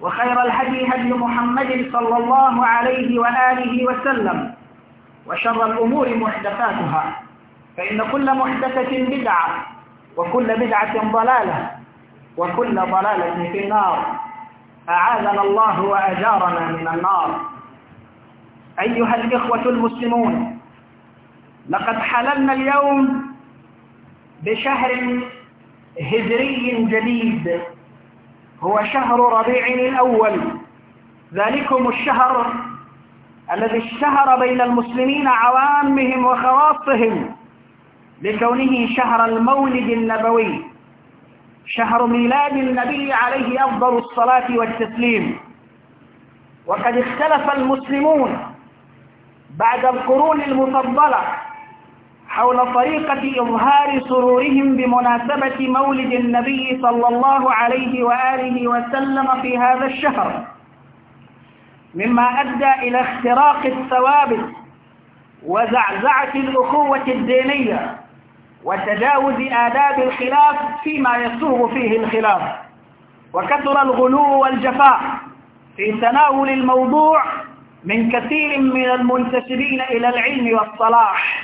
وخير الهدي هدي محمد صلى الله عليه وآله وسلم وشر الأمور محدثاتها فإن كل محدثة بدعة وكل بدعة ضلالة وكل ضلالة في النار أعاذنا الله وأجارنا من النار أيها الإخوة المسلمون لقد حللنا اليوم بشهر هجري جديد هو شهر ربيع الأول ذلكم الشهر الذي اشتهر بين المسلمين عوامهم وخواصهم لكونه شهر المولد النبوي شهر ميلاد النبي عليه أفضل الصلاة والتسليم وقد اختلف المسلمون بعد القرون المفضلة حول طريقة إظهار سرورهم بمناسبة مولد النبي صلى الله عليه وآله وسلم في هذا الشهر مما أدى إلى اختراق الثوابت وزعزعة الأخوة الدينية وتجاوز آداب الخلاف فيما يسوغ فيه الخلاف وكثر الغلو والجفاء في تناول الموضوع من كثير من المنتسبين إلى العلم والصلاح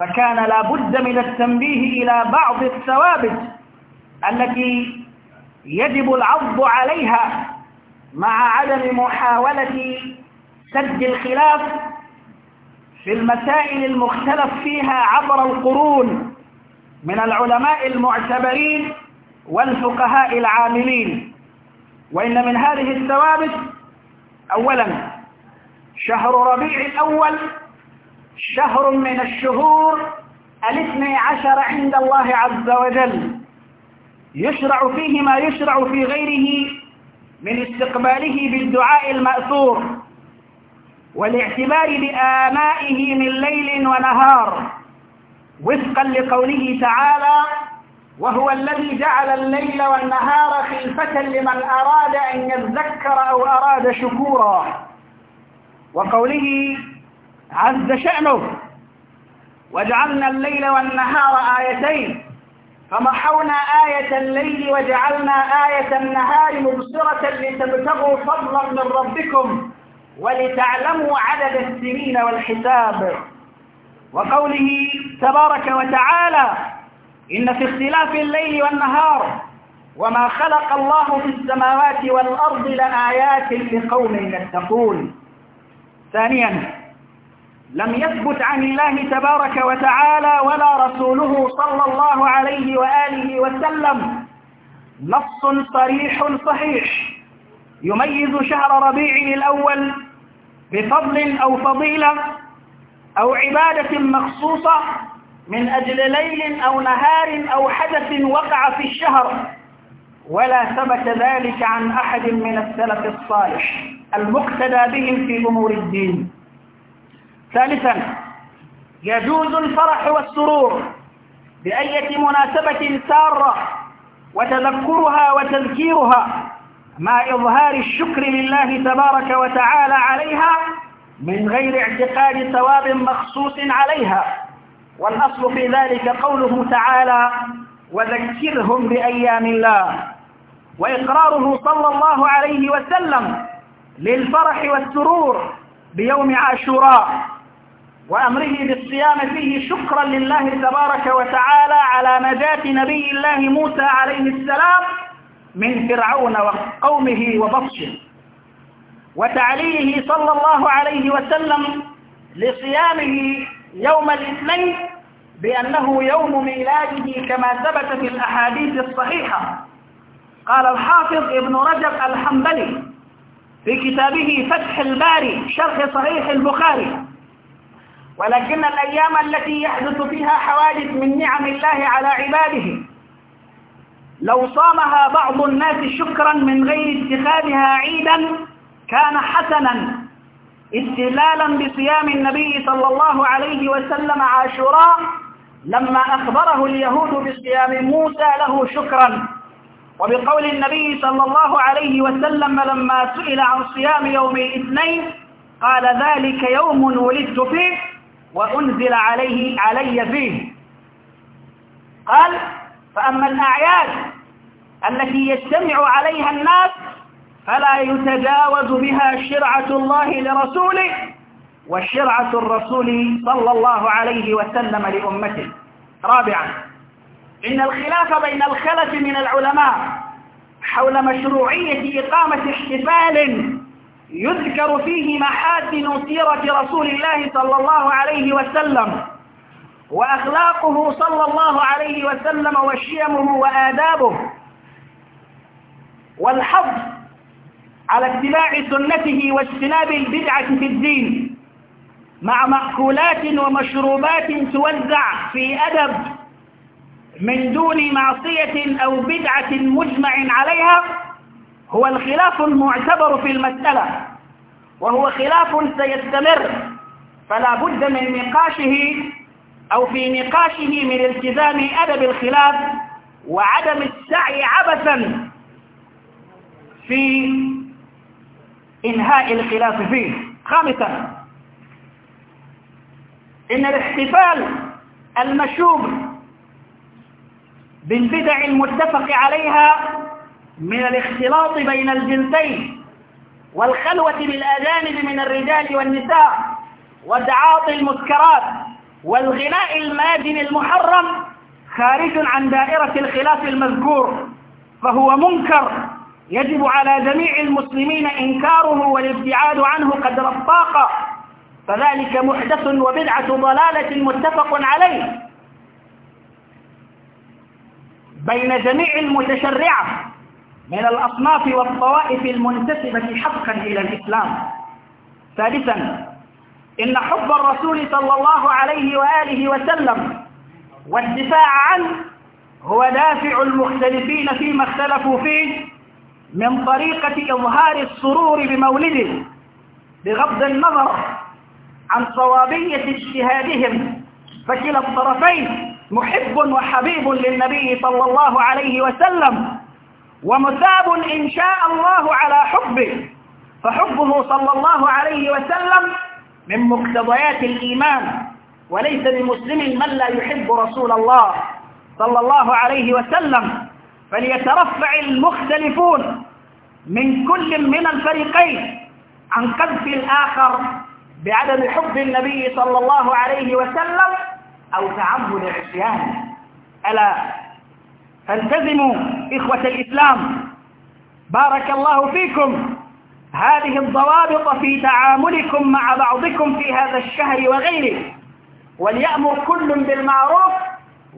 فكان لا بد من التنبيه إلى بعض الثوابت التي يجب العض عليها مع عدم محاولة سد الخلاف في المسائل المختلف فيها عبر القرون من العلماء المعتبرين والفقهاء العاملين وإن من هذه الثوابت أولا شهر ربيع الأول شهر من الشهور الاثني عشر عند الله عز وجل يشرع فيه ما يشرع في غيره من استقباله بالدعاء المأثور والاعتبار بآمائه من ليل ونهار وفقا لقوله تعالى وهو الذي جعل الليل والنهار خلفة لمن أراد أن يذكر أو أراد شكورا وقوله عز شأنه وجعلنا الليل والنهار آيتين فمحونا آية الليل وجعلنا آية النهار مبصرة لتبتغوا فضلا من ربكم ولتعلموا عدد السنين والحساب وقوله تبارك وتعالى إن في اختلاف الليل والنهار وما خلق الله في السماوات والأرض لآيات لقوم يتقون ثانياً لم يثبت عن الله تبارك وتعالى ولا رسوله صلى الله عليه وآله وسلم نص صريح صحيح يميز شهر ربيع الأول بفضل أو فضيلة أو عبادة مخصوصة من أجل ليل أو نهار أو حدث وقع في الشهر ولا ثبت ذلك عن أحد من السلف الصالح المقتدى بهم في أمور الدين ثالثا يجوز الفرح والسرور بأية مناسبة سارة وتذكرها وتذكيرها مع إظهار الشكر لله تبارك وتعالى عليها من غير اعتقاد ثواب مخصوص عليها والأصل في ذلك قوله تعالى وذكرهم بأيام الله وإقراره صلى الله عليه وسلم للفرح والسرور بيوم عاشوراء وأمره بالصيام فيه شكرا لله تبارك وتعالى على نجاة نبي الله موسى عليه السلام من فرعون وقومه وبطشه وتعليله صلى الله عليه وسلم لصيامه يوم الاثنين بأنه يوم ميلاده كما ثبت في الأحاديث الصحيحة قال الحافظ ابن رجب الحنبلي في كتابه فتح الباري شرح صحيح البخاري ولكن الأيام التي يحدث فيها حوادث من نعم الله على عباده لو صامها بعض الناس شكرا من غير اتخاذها عيدا كان حسنا استلالا بصيام النبي صلى الله عليه وسلم عاشوراء لما أخبره اليهود بصيام موسى له شكرا وبقول النبي صلى الله عليه وسلم لما سئل عن صيام يوم الاثنين قال ذلك يوم ولدت فيه وأنزل عليه علي فيه قال فأما الأعياد التي يجتمع عليها الناس فلا يتجاوز بها شرعة الله لرسوله وشرعة الرسول صلى الله عليه وسلم لأمته رابعا إن الخلاف بين الخلف من العلماء حول مشروعية إقامة احتفال يذكر فيه محاسن سيرة رسول الله صلى الله عليه وسلم وأخلاقه صلى الله عليه وسلم وشيمه وآدابه والحظ على اتباع سنته واجتناب البدعة في الدين مع مأكولات ومشروبات توزع في أدب من دون معصية أو بدعة مجمع عليها هو الخلاف المعتبر في المسألة وهو خلاف سيستمر فلا بد من نقاشه أو في نقاشه من التزام أدب الخلاف وعدم السعي عبثا في إنهاء الخلاف فيه خامسا إن الاحتفال المشوب بالبدع المتفق عليها من الاختلاط بين الجنسين والخلوة بالأجانب من الرجال والنساء وتعاطي المسكرات والغناء الماجن المحرم خارج عن دائرة الخلاف المذكور فهو منكر يجب على جميع المسلمين إنكاره والابتعاد عنه قدر الطاقة فذلك محدث وبدعة ضلالة متفق عليه بين جميع المتشرعة من الأصناف والطوائف المنتسبة حقا إلى الإسلام ثالثا إن حب الرسول صلى الله عليه وآله وسلم والدفاع عنه هو دافع المختلفين فيما اختلفوا فيه من طريقة إظهار السرور بمولده بغض النظر عن صوابية اجتهادهم فكلا الطرفين محب وحبيب للنبي صلى الله عليه وسلم ومثاب إن شاء الله على حبه فحبه صلى الله عليه وسلم من مقتضيات الإيمان وليس بمسلم من لا يحب رسول الله صلى الله عليه وسلم فليترفع المختلفون من كل من الفريقين عن قذف الآخر بعدم حب النبي صلى الله عليه وسلم أو تعمد عصيانه ألا التزموا إخوة الإسلام بارك الله فيكم هذه الضوابط في تعاملكم مع بعضكم في هذا الشهر وغيره وليأمر كل بالمعروف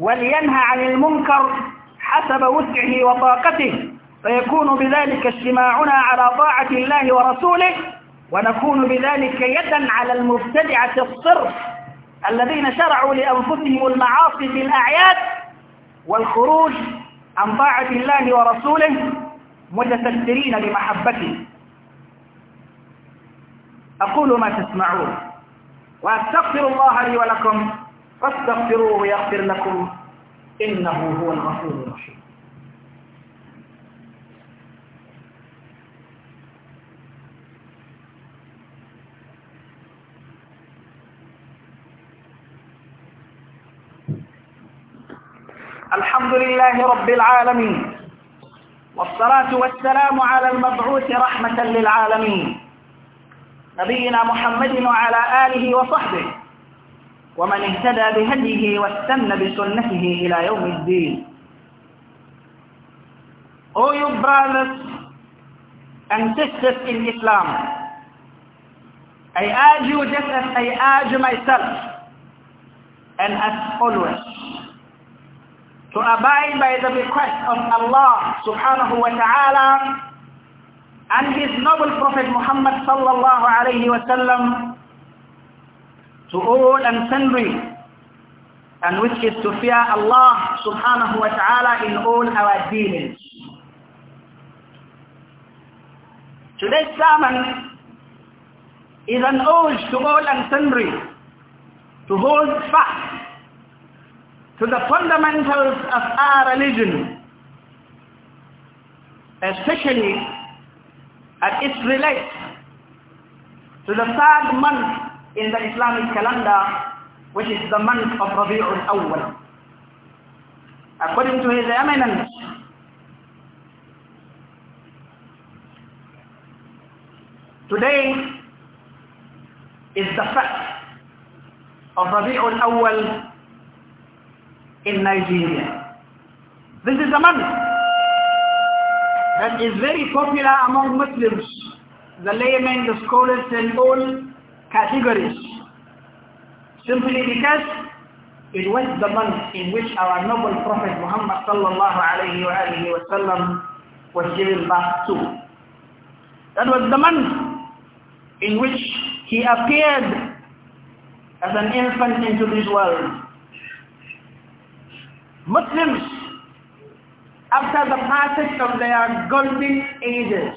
ولينهى عن المنكر حسب وسعه وطاقته فيكون بذلك اجتماعنا على طاعة الله ورسوله ونكون بذلك يدا على المبتدعة الصرف الذين شرعوا لأنفسهم المعاصي في الأعياد والخروج عن طاعة الله ورسوله متسترين لمحبته أقول ما تسمعون وأستغفر الله لي ولكم فاستغفروه يغفر لكم إنه هو الغفور الرحيم لله رب العالمين والصلاة والسلام على المبعوث رحمة للعالمين نبينا محمد وعلى آله وصحبه ومن اهتدى بهديه واستنى بسنته إلى يوم الدين O oh, you brothers and sisters in Islam, I urge you just as I urge myself and as always to abide by the request of Allah subhanahu wa ta'ala and his noble prophet Muhammad sallallahu alayhi wa sallam to all and sundry and which is to fear Allah subhanahu wa ta'ala in all our dealings. Today's sermon is an urge to all and sundry to hold fast to the fundamentals of our religion, especially as it relates to the third month in the Islamic calendar, which is the month of Rabi'ul Awwal. According to His Eminence, today is the fact of Rabi'ul Awwal in Nigeria. This is a month that is very popular among Muslims, the laymen, the scholars and all categories, simply because it was the month in which our noble Prophet Muhammad sallallahu alayhi wa alayhi wa sallam was given birth to. That was the month in which he appeared as an infant into this world. Muslims, after the passage of their golden ages,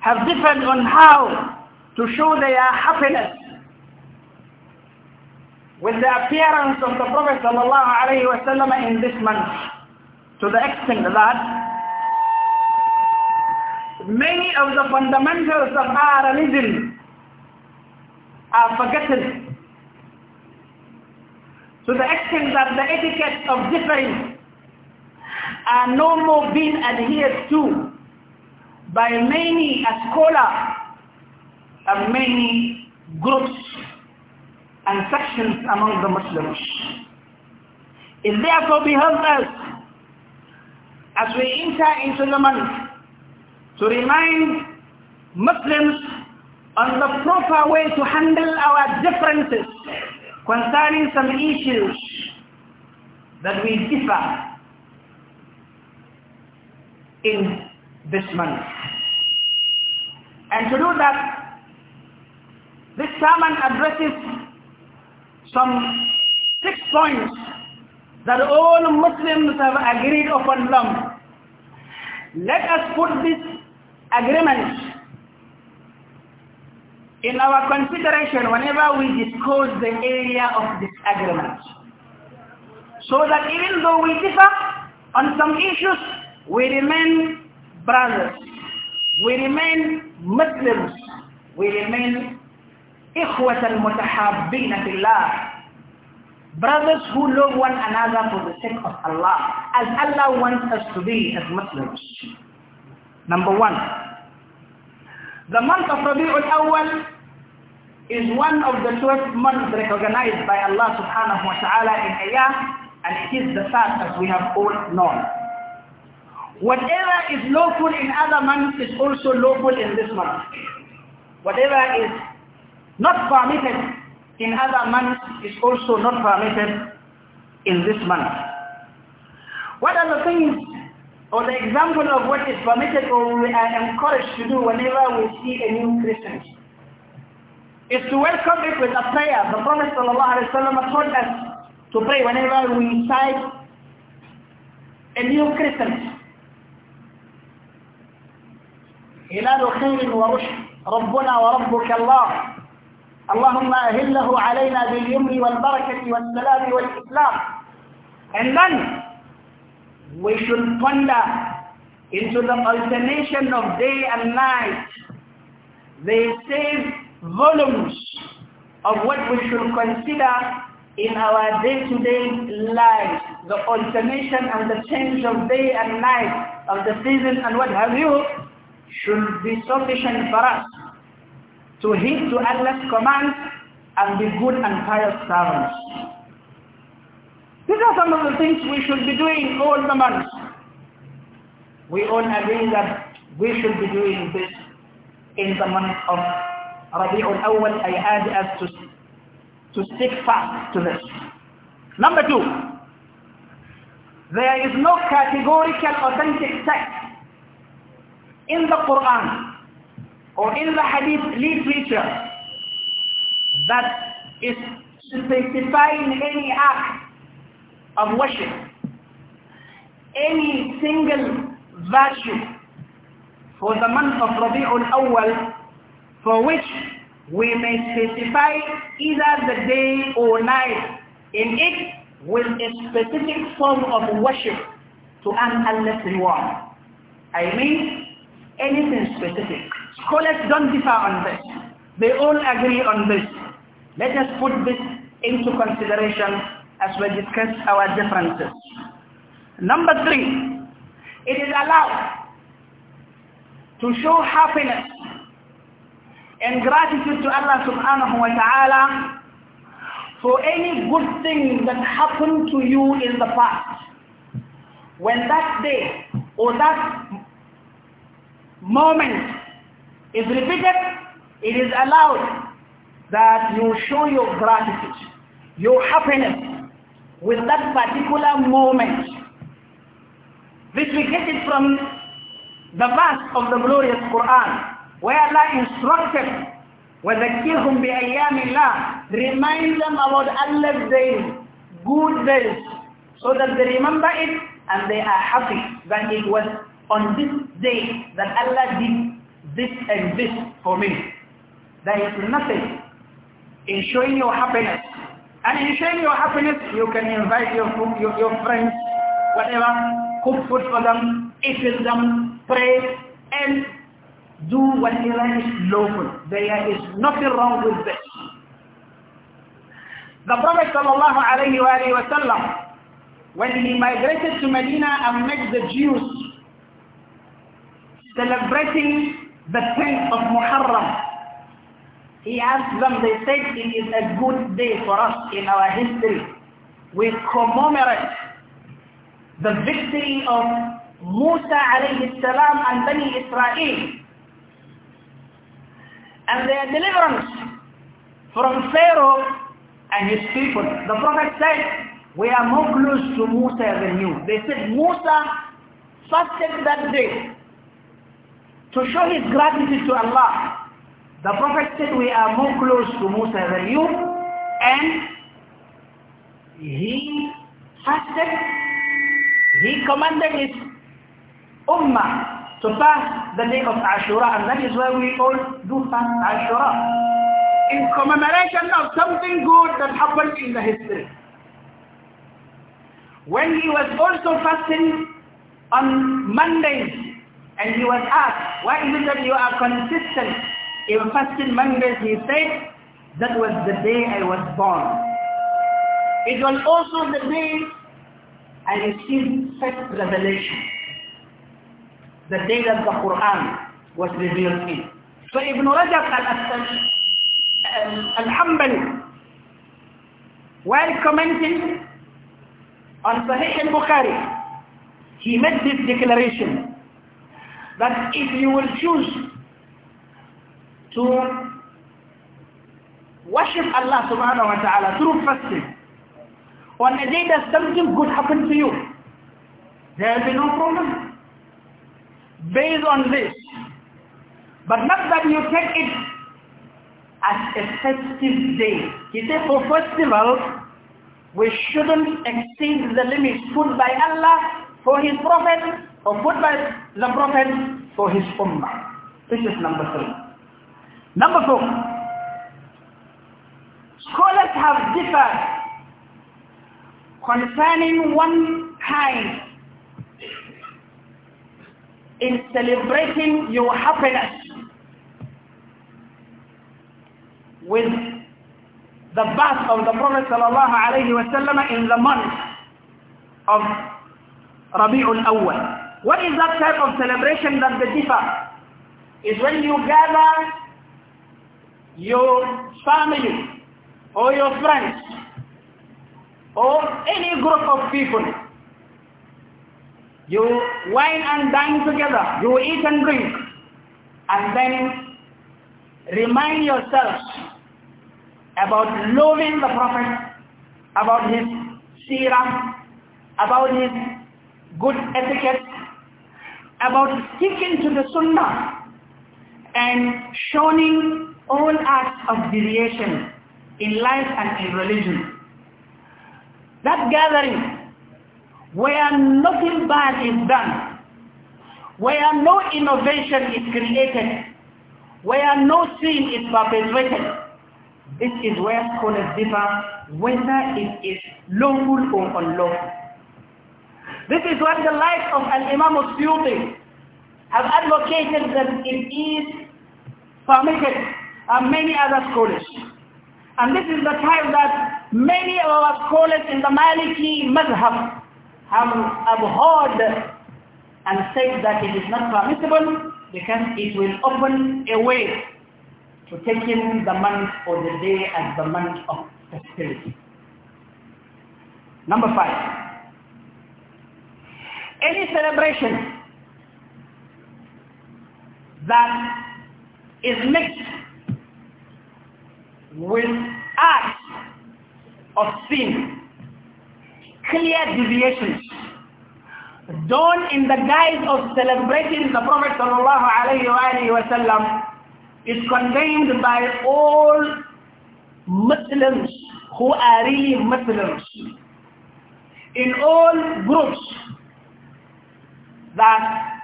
have differed on how to show their happiness with the appearance of the Prophet ﷺ in this month to the extent that many of the fundamentals of our religion are forgotten to the extent that the etiquette of difference are no more being adhered to by many a scholar and many groups and sections among the Muslims. It therefore behoves us as we enter into the month to remind Muslims on the proper way to handle our differences concerning some issues that we differ in this month. And to do that, this sermon addresses some six points that all Muslims have agreed upon them. Let us put this agreement in our consideration whenever we discuss the area of disagreement. So that even though we differ on some issues, we remain brothers, we remain Muslims, we remain إخوة المتحابين في الله brothers who love one another for the sake of Allah as Allah wants us to be as Muslims number one the month of Rabi'ul Awwal is one of the 12 months recognized by Allah subhanahu wa ta'ala in a year and it is the fact as we have all known. Whatever is lawful in other months is also lawful in this month. Whatever is not permitted in other months is also not permitted in this month. What are the things or the example of what is permitted or we are encouraged to do whenever we see a new Christian? is to welcome it with a prayer. The Prophet sallallahu alayhi wa sallam told us to pray whenever we sight a new crescent. هلال خير ورشد ربنا وربك الله اللهم أهله علينا باليمن والبركة والسلام والإسلام And then we should ponder into the alternation of day and night. They say volumes of what we should consider in our day-to-day lives life, the alternation and the change of day and night, of the season and what have you, should be sufficient for us to heed to Allah's commands and be good and pious servants. These are some of the things we should be doing all the months. We all agree that we should be doing this in the month of Rabi'ul Awwal, I urge us to, to stick fast to this. Number two, there is no categorical authentic text in the Quran or in the Hadith literature that is specifying any act of worship, any single virtue for the month of Rabi'ul Awwal for which we may specify either the day or night in it with a specific form of worship to an Allah's reward. I mean, anything specific. Scholars don't differ on this. They all agree on this. Let us put this into consideration as we discuss our differences. Number three, it is allowed to show happiness and gratitude to Allah subhanahu wa ta'ala for any good thing that happened to you in the past. When that day or that moment is repeated, it is allowed that you show your gratitude, your happiness with that particular moment. This we get it from the verse of the glorious Quran where Allah instructed وَذَكِّرْهُمْ بِأَيَّامِ اللَّهِ Remind them about Allah's days, good days, so that they remember it and they are happy that it was on this day that Allah did this and this for me. There is nothing in showing your happiness. And in showing your happiness, you can invite your, your, your friends, whatever, cook food for them, eat with them, pray, and do whatever is lawful. There is nothing wrong with this. The Prophet sallallahu alayhi wa sallam, when he migrated to Medina and met the Jews celebrating the 10th of Muharram, he asked them, they said, it is a good day for us in our history. We commemorate the victory of Musa alayhi salam and Bani Israel and their deliverance from Pharaoh and his people. The Prophet said, we are more close to Musa than you. They said Musa fasted that day to show his gratitude to Allah. The Prophet said we are more close to Musa than you and he fasted, he commanded his ummah to fast the day of Ashura and that is why we all do fast Ashura in commemoration of something good that happened in the history. When he was also fasting on Mondays and he was asked, why is it that you are consistent in fasting Mondays? He said, that was the day I was born. It was also the day I received such revelation the day that the Quran was revealed in. So Ibn Rajab um, al-Hanbali, while commenting on Sahih al-Bukhari, he made this declaration that if you will choose to worship Allah subhanahu wa ta'ala through fasting, on a day that something good happened to you, there will be no problem based on this. But not that you take it as a festive day. He said for festival, we shouldn't exceed the limits put by Allah for his prophet or put by the prophet for his ummah. This is number three. Number four, scholars have differed concerning one kind in celebrating your happiness with the birth of the Prophet sallallahu in the month of Rabi'ul Awwal. What is that type of celebration that they differ? Is when you gather your family or your friends or any group of people you wine and dine together. You eat and drink. And then remind yourselves about loving the Prophet, about his seerah, about his good etiquette, about sticking to the sunnah and shunning all acts of deviation in life and in religion. That gathering where nothing bad is done, where no innovation is created, where no sin is perpetrated. This is where scholars differ whether it is lawful or unlawful. This is what the life of an imam of suyuti have advocated that it is permitted and many other scholars. And this is the time that many of our scholars in the Maliki Madhab have abhorred and said that it is not permissible because it will open a way to taking the month or the day as the month of festivity. Number five, any celebration that is mixed with acts of sin clear deviations done in the guise of celebrating the Prophet sallallahu is condemned by all Muslims who are really Muslims in all groups that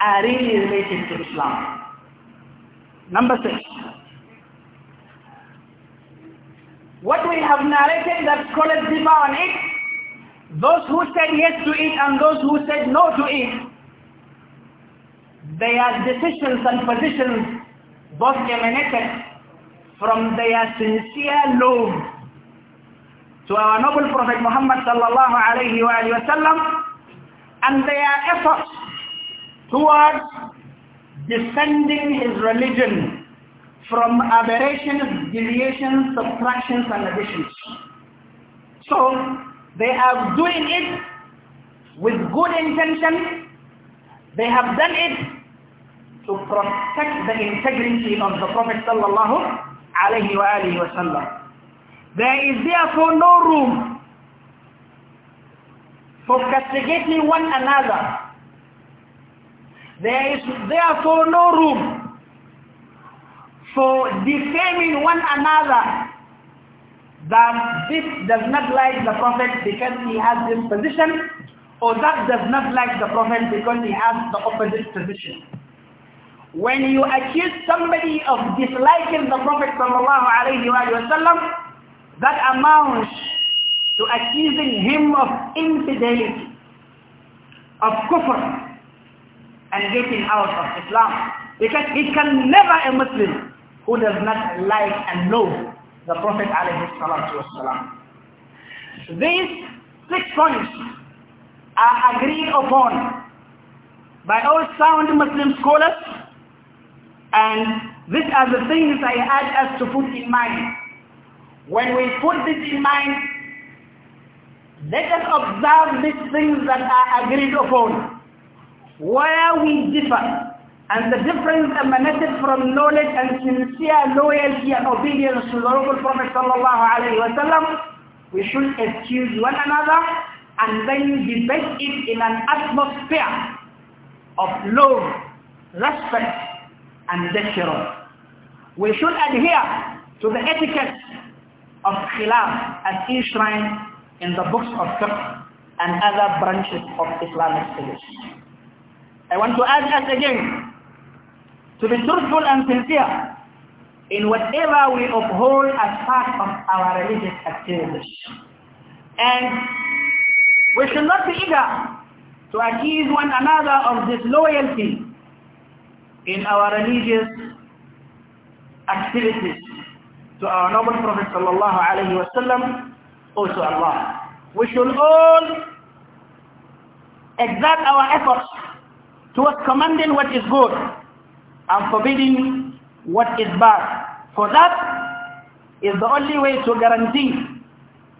are really related to Islam. Number six. What we have narrated that scholars differ on it those who said yes to it and those who said no to it, their decisions and positions both emanated from their sincere love to our noble Prophet Muhammad sallallahu alayhi wa sallam and their efforts towards defending his religion from aberrations, deviations, subtractions and additions. So, they are doing it with good intention. They have done it to protect the integrity of the Prophet sallallahu alaihi wasallam. There is therefore no room for castigating one another. There is therefore no room for defaming one another that this does not like the Prophet because he has this position or that does not like the Prophet because he has the opposite position. When you accuse somebody of disliking the Prophet وسلم, that amounts to accusing him of infidelity, of kufr, and getting out of Islam. Because it can never a Muslim who does not like and know the Prophet ﷺ. These six points are agreed upon by all sound Muslim scholars and these are the things I ask us to put in mind. When we put this in mind, let us observe these things that are agreed upon. Where we differ, and the difference emanated from knowledge and sincere loyalty and obedience to the noble Prophet sallallahu alayhi wa sallam. We should excuse one another and then debate it in an atmosphere of love, respect and decorum. We should adhere to the etiquette of khilaf as enshrined in the books of fiqh and other branches of Islamic studies. I want to add us again to be truthful and sincere in whatever we uphold as part of our religious activities. And we should not be eager to accuse one another of disloyalty in our religious activities to our noble Prophet sallallahu alaihi wasallam or to Allah. We should all exert our efforts towards commanding what is good and forbidding what is bad. For that is the only way to guarantee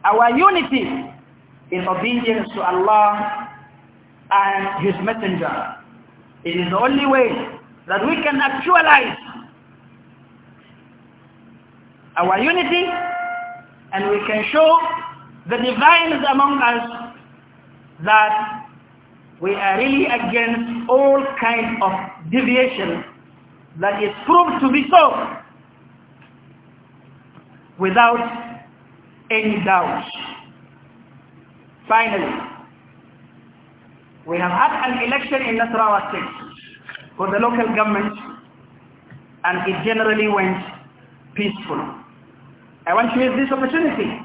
our unity in obedience to Allah and His Messenger. It is the only way that we can actualize our unity and we can show the divines among us that we are really against all kinds of deviation that it proved to be so without any doubt. Finally, we have had an election in Nasarawa state for the local government and it generally went peaceful. I want to use this opportunity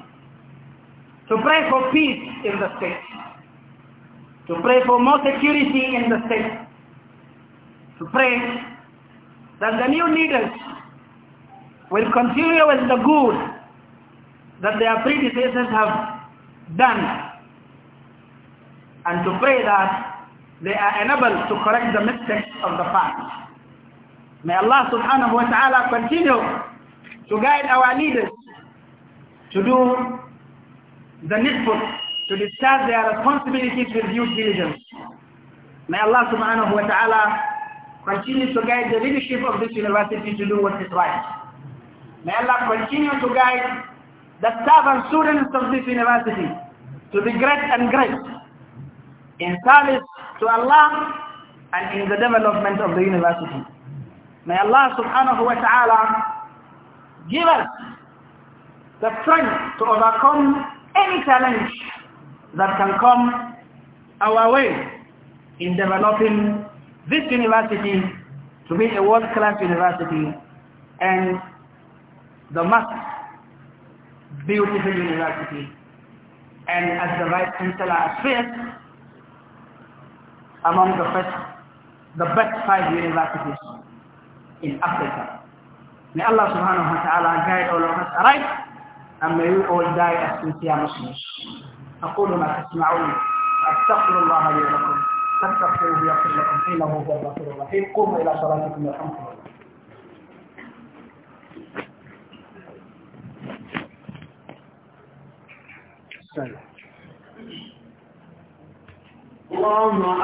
to pray for peace in the state, to pray for more security in the state, to pray that the new leaders will continue with the good that their predecessors have done and to pray that they are enabled to correct the mistakes of the past. May Allah subhanahu wa ta'ala continue to guide our leaders to do the needful, to discharge their responsibilities with due diligence. May Allah subhanahu wa ta'ala Continue to guide the leadership of this university to do what is right. May Allah continue to guide the staff and students of this university to be great and great in service to Allah and in the development of the university. May Allah subhanahu wa ta'ala give us the strength to overcome any challenge that can come our way in developing this university to be a world-class university and the most beautiful university and as the right chancellor has said, among the best, the best five universities in Africa. May Allah subhanahu wa ta'ala guide all of us aright and may we all die as sincere Muslims. أقول ما تسمعون أستغفر الله لي ولكم فاستغفروه يغفر لكم انه هو الغفور الرحيم قوموا الى صلاتكم يرحمكم الله اللهم